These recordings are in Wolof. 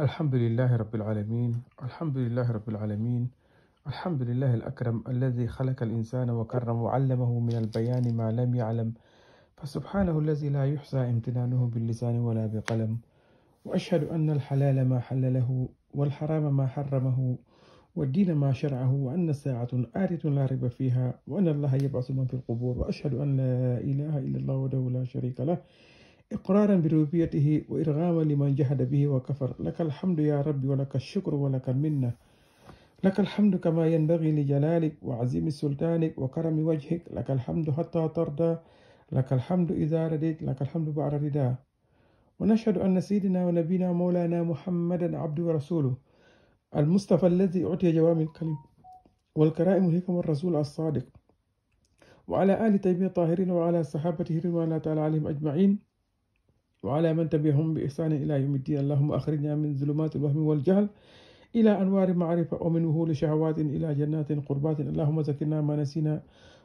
الحمد لله رب العالمين الحمد لله رب العالمين الحمد لله الأكرم الذي خلق الإنسان وكرم وعلمه من البيان ما لم يعلم فسبحانه الذي لا يحصى امتنانه باللسان ولا بقلم وأشهد أن الحلال ما حلله والحرام ما حرمه والدين ما شرعه وأن الساعة آرة لا ريب فيها وأن الله يبعث من في القبور وأشهد أن لا إله إلا الله وحده لا شريك له إقرارا بربوبيته وإرغاما لمن جحد به وكفر لك الحمد يا ربي ولك الشكر ولك المنة لك الحمد كما ينبغي لجلالك وعظيم سلطانك وكرم وجهك لك الحمد حتى ترضى لك الحمد إذا رديت لك الحمد بعد الرداء ونشهد أن سيدنا ونبينا مولانا محمدا عبده ورسوله المصطفى الذي أعطي جوامع الكلم والكرائم الحكم والرسول الصادق وعلى آل طيبين الطاهرين وعلى صحابته رضوان الله تعالى عليهم أجمعين وعلى من تبعهم بإحسان إلى يوم الدين اللهم أخرجنا من ظلمات الوهم والجهل إلى أنوار معرفة ومن وهول شهوات إلى جنات قربات اللهم ذكرنا ما نسينا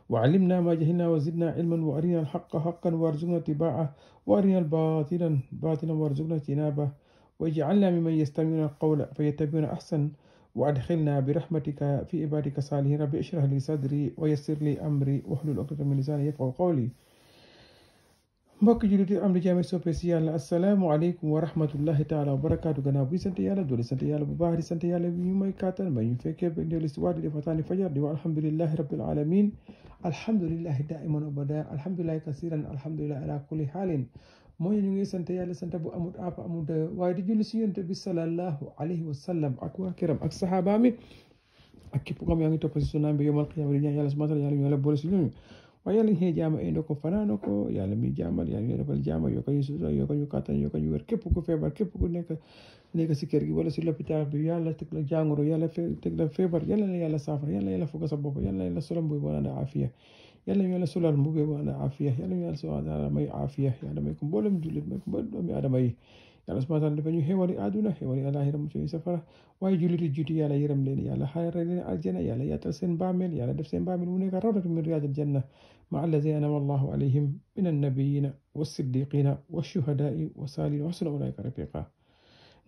وعلمنا ما جهلنا وزدنا علما وأرنا الحق حقا وارزقنا اتباعه وأرنا الباطلا باطلا وارزقنا اجتنابه واجعلنا ممن يستمعون القول فيتبعون أحسن وأدخلنا برحمتك في عبادك الصالحين رب اشرح لي صدري ويسر لي أمري واحلل عقدة من لساني يفقه قولي mbokk jullit yi am di jaame soppe si yàlla asalaamaaleykum wa rahmatullahi taala wa barakaatu gannaaw bi sant yàlla doole sant yàlla bu baax di sant yàlla bi ñu may kàttan may ñu fekkee ba ndeelu si waat di defataani fajar di wa alhamdulilahi rabbil alamin alhamdulilahi daiman abada alhamdulilahi kasiran alhamdulilahi ala kulli halin mooy ñu ngi sant yàlla sant bu amut app amut waaye di julli si yonte bi salallahu alayhi wa sallam ak waa kiram ak saxaabaami ak képp ko xam yaa ngi topp si sunnaam bi yomal qiyaama di ñaan yàlla subhaanahu wa taala yàlla ñu yàlla boole si ñooñu waaye yàlla xëy jaama indoo ko fanaanoo ko yàlla mi jaamal yàlla mi defal jaama yokk ñu sutura yokk ñu kàttan yokk ñu wér ku feebar képp ku nekk nekk si kër gi wala si lopitaan bi yàlla teg la teg la feebar yàlla na yàlla saafara yàlla yàlla fukk sa bopp yàlla na aafiya yàlla yàlla solal mbubu wala na aafiya yalla subhanahu dafa ñu xéewali àdduna xéewali àlaxira mu ci safara waaye jullit juuti yàlla yërëm leen yàlla xaare leen aljana yàlla yaatal seen bàmmeel yàlla def seen bàmmeel mu nekk rawdatu min riyaadil janna ma allazina anama allahu alayhim min annabiyina wassiddiqina washuhadaai wasaalin waxsuna ulaika rafiqa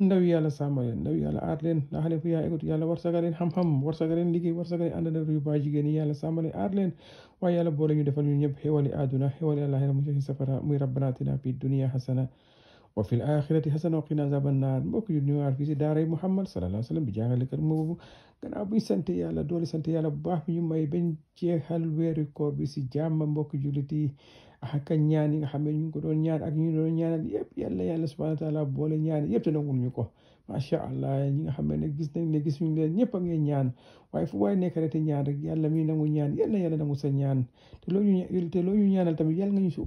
ndaw yàlla sàmm leen ndaw yàlla aar leen xale fu yaa egut yàlla war sagal leen xam-xam war sagal leen liggéey war sagal leen àndana yu baa jigéen yàlla sàmm leen aar leen waaye yàlla boole ñu defal ñu ñëpp xéwali àdduna xéwali àlaxira mu ci safara muy rabbana atina fi dunia hasana wa fil axirati xasana wa qina azaban naar mbokk ñu ñëwaar fii si daaray Muhammad sallallahu alayhi wa sallam bi jàngalekat mu boobu gannaaw buy sant yàlla doole sant yàlla bu baax bi ñu may bañ jeexal weeru koor bi si jàmm mbokk jullit yi ak ñaan yi nga xam ne ñu ngi ko doon ñaan ak ñu doon ñaanal yëpp yàlla yàlla subhanahu wa boole ñaan yëpp te nangul ñu ko macha allah ñi nga xam ne gis nañ ne gis ñu leen ñëpp ngay ñaan waaye fu waay nekk rek te ñaan rek yàlla ñaan yàlla yàlla nangu sa ñaan te loo ñu te loo ñu ñaanal tamit yàlla nga ñu si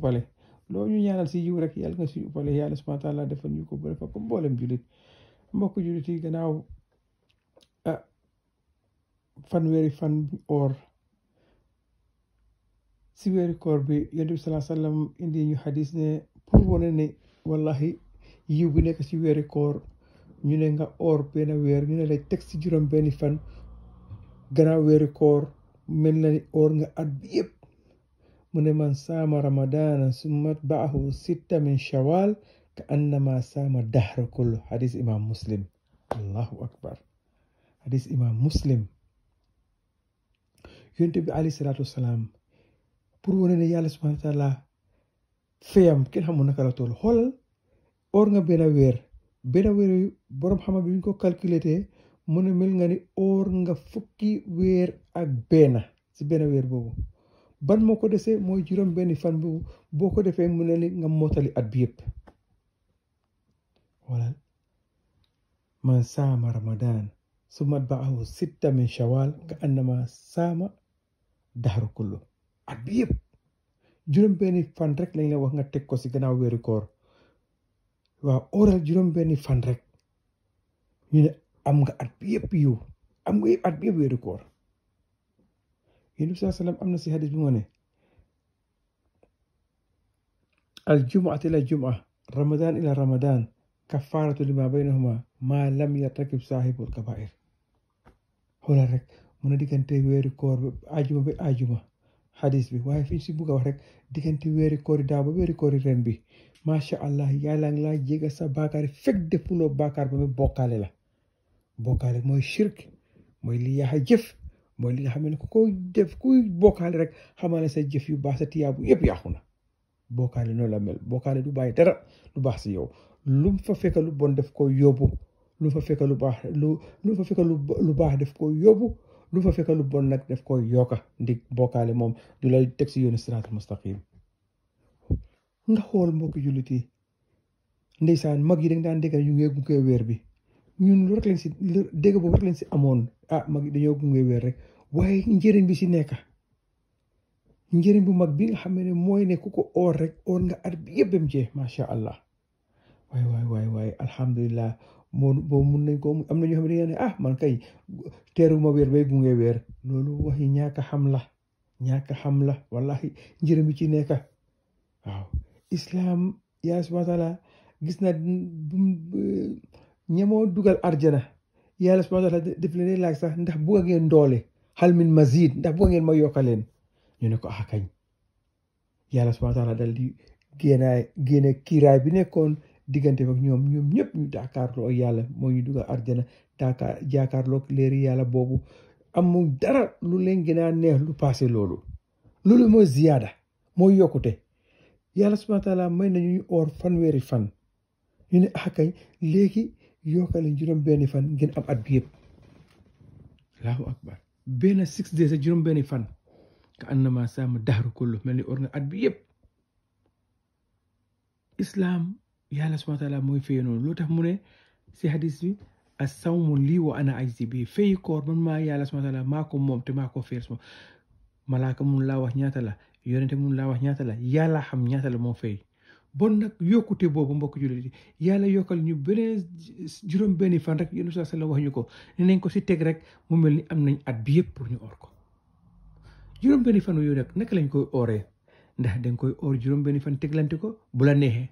loolu ñu ñaanal si yiw rek yàlla nga si uppale yàlla subhaana taala defal ñu ko bu defal ko mboolem jullit mbokk jullit yi gannaaw ah fanweeri fan or si weeri koor bi yonent bi salaa sallam indi ñu xadis ne pour wane ne wallahi yiw bi nekk si weeri koor ñu ne nga or benn weer ñu ne lay teg si juróom benni fan gannaaw weeri koor mel na ni or nga at bi mu ne man saama ramadana summa atbaahu sitta min shawal ka saama dahra kullu hadis imam muslim allahu akbar hadis imam muslim yonte bi alayhi salaatu yàlla subhaanahu wa taala feyam kenn xamul naka la toll oor nga benn weer benn weer borom xama bi ñu ko calculer mu ne mel nga ni oor nga fukki weer ak benn si benn weer boobu ban moo ko desee mooy juróom benni fan bu boo ko defee mu ne li nga mottali at bi yëpp wala man saama ramadan summa atbaahu sitta min shawal ka annama saama daxaru kullu at bi yëpp juróom benni fan wax nga teg ko si gannaaw weeru waaw oral juróom benni fan rek ñu ne am nga at bi yëpp yiw am nga yëpp weeru koor yéen bi sallam am na si hadis bi mu ne al jumuat ila jumua ramadan ila ramadan kafaaratu lima baynahuma maa lam yartakib saahibul waaye fi si a wax rek diggante weeri koori daaw weeri koori ren bi allah yàlla ngi laa jégal sa baakaar defuloo baakaar ba mu la bokkaale mooy shirk mooy li yaax mooy li nga xam ne ku ko def kuy bokkaale rek xamal ne sa jëf yu baax sa tiyaabu yëpp yàqu na bokkaale noonu la mel bokkaale du bàyyi dara lu baax si yow lu fa fekk lu bon def ko yóbbu lu fa fekk fa fekk lu baax def ko yóbbu lu fa fekk bon nag def ko yokka ndig bokkaale moom du lay teg si yoonu siraatul mustaqim nga xool mbokki jullit yi ndeysaan mag yi dañ daan dégg ñu weer bi ñun lu rek si dégg boobu rek si amoon ah mag dañoo gunge weer rek waaye njëriñ bi si nekk njëriñ bu mag bi nga xam ne mooy ne ku ko oor rek oor nga at bi yëpp bam allah waay waay waaye waay alhamdulilah moo mun nañ ko am ñoo xam ne dañoo ne ah man kay teeruma weer bay gunge weer loolu waxi ñàkk xam la ñàkk xam la wallahi njëriñ bi ci nekk yaa subhaana gis na ñamoo dugal arjana yàlla subhanahu wa def leen laaj sax ndax bugg ngeen doole hal min mazid ndax bugg ngeen ma yokkaleen ñu ne ko ah kañ yàlla subhanahu wa taala dal di génnaay génne kiiraay bi nekkoon diggante ak ñoom ñoom ñëpp ñu daakaarloo yàlla moo ñu dugal arjana daakaar jaakaarloo léeri yàlla boobu amul dara lu leen gën neex lu passé loolu loolu mooy ziyaada mooy yokkute yàlla subhanahu may nañu ñu oor fanweeri fan ñu ne ah kañ léegi yokkale juróom benni fan ngeen am at bi yëpp allahu akbar benn six days ak juróom benni fan ka annama saama dahru kullu mel ni or nga at bi yëpp islaam yàlla subhaana taala mooy fay tax mu ne si hadis bi as sawmu lii ana ajzi bi fay koor man maa yàlla subhaana taala maa ko moom te maa malaaka mun laa wax ñaata la yonente mun laa wax ñaata la yàlla xam la moo fay bon nag yokkute boobu mbokk jullit yi yàlla yokkal ñu beneen juróom benni fan rek yéen saa wax ñu ko ne nañ ko si teg rek mu mel ni am nañ at bi yëpp pour ñu oor ko juróom benni fan yooyu nag naka lañ koy ooree ndax dañ koy oor juróom benni fan teglante ko bu la neexee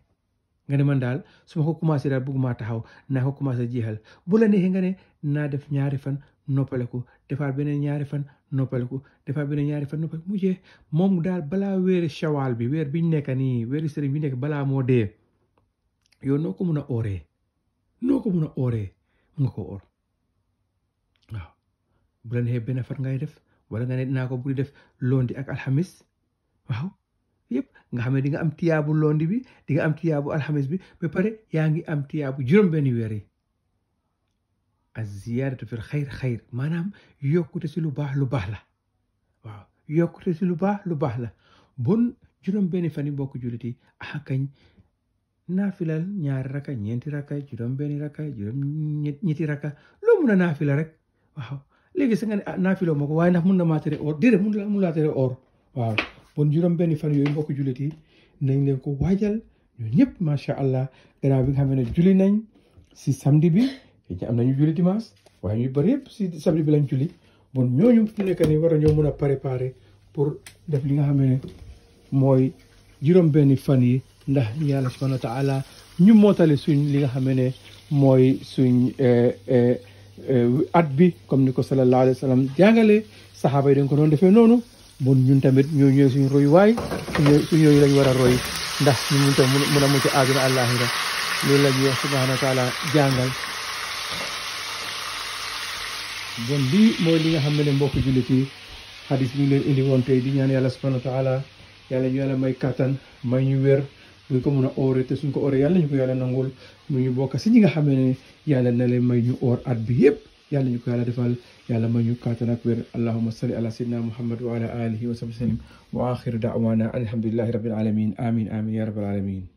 nga ne man daal su ma ko commencé daal bëgguma taxaw naa ko commencé jeexal bu la neexee nga ne naa def ñaari fan noppaleku defaat beneen ñaari fan noppaleku defaat beneen ñaari fan mu jeex moom daal balaa weeri shawaal bi weer biñ nekk nii weeri sëriñ bi nekk balaa moo dee yow noo ko mun a ooree noo ko mun a ooree nga ko oor waaw benn fan ngay def wala nga ne naa ko buri def lundi ak alxamis yëpp nga xam ne di nga am tiyaabu londi bi di nga am tiyaabu alxamis bi ba pare yaa ngi am tiyaabu juróom-benni weer yi aziyaadatu fil xayr xayr maanaam yokkute si lu baax lu baax la waaw yokkute si lu baax lu baax la bon juróom-benni fan yi mbokk jullit yi ah kañ naafilal ñaari raka ñeenti raka juróom-benni raka juróom-ñetti raka loo mun a naafila rek waaw léegi sa nga ne ah, naafiloo ma ko waaye na mun na maa tere or déedéet mun la mun laa tere or bon juróom benn fan yooyu mbokk jullit yi nañ leen ko waajal ñun ñëpp macha allah gannaaw bi nga xam ne julli nañ si samedi bi ñu am nañu julli dimanche waaye ñu bëri yëpp si samedi bi lañ julli bon ñooñu fi nekk ni war a nañoo mën a préparer pour def li nga xam ne mooy juróom benn fan yi ndax yàlla subhanahu wa taala ñu mootale suñ li nga xam ne mooy suñ eh, eh, eh, at bi comme ni ko sallallahu alayhi wa sallam jàngale saxaaba yi ko doon defee noonu bon ñun tamit ñoo ñëw suñu roy way suñu yooyu lañ wara roy ndax ñu mun tam mun a mucc àdduna àllaaxira loolu la ñuy wax subhana wa taala jangal bon lii mo li nga xam ne mbokk jullit yi xadis ñu leen indi won tay di ñaan yalla subhanahu wa taala yalla ñu yalla may katan may ñu wër buñ ko mun a oore te suñ ko oré yalla ñu ko yalla nangul mu ñu bokk ci ñi nga xam yalla na lay may ñu or at bi yépp يالا نيو كالا ديفال يالا ما نيو كاتنا كبير اللهم صل على سيدنا محمد وعلى اله وصحبه وسلم واخر دعوانا الحمد لله رب العالمين امين امين يا رب العالمين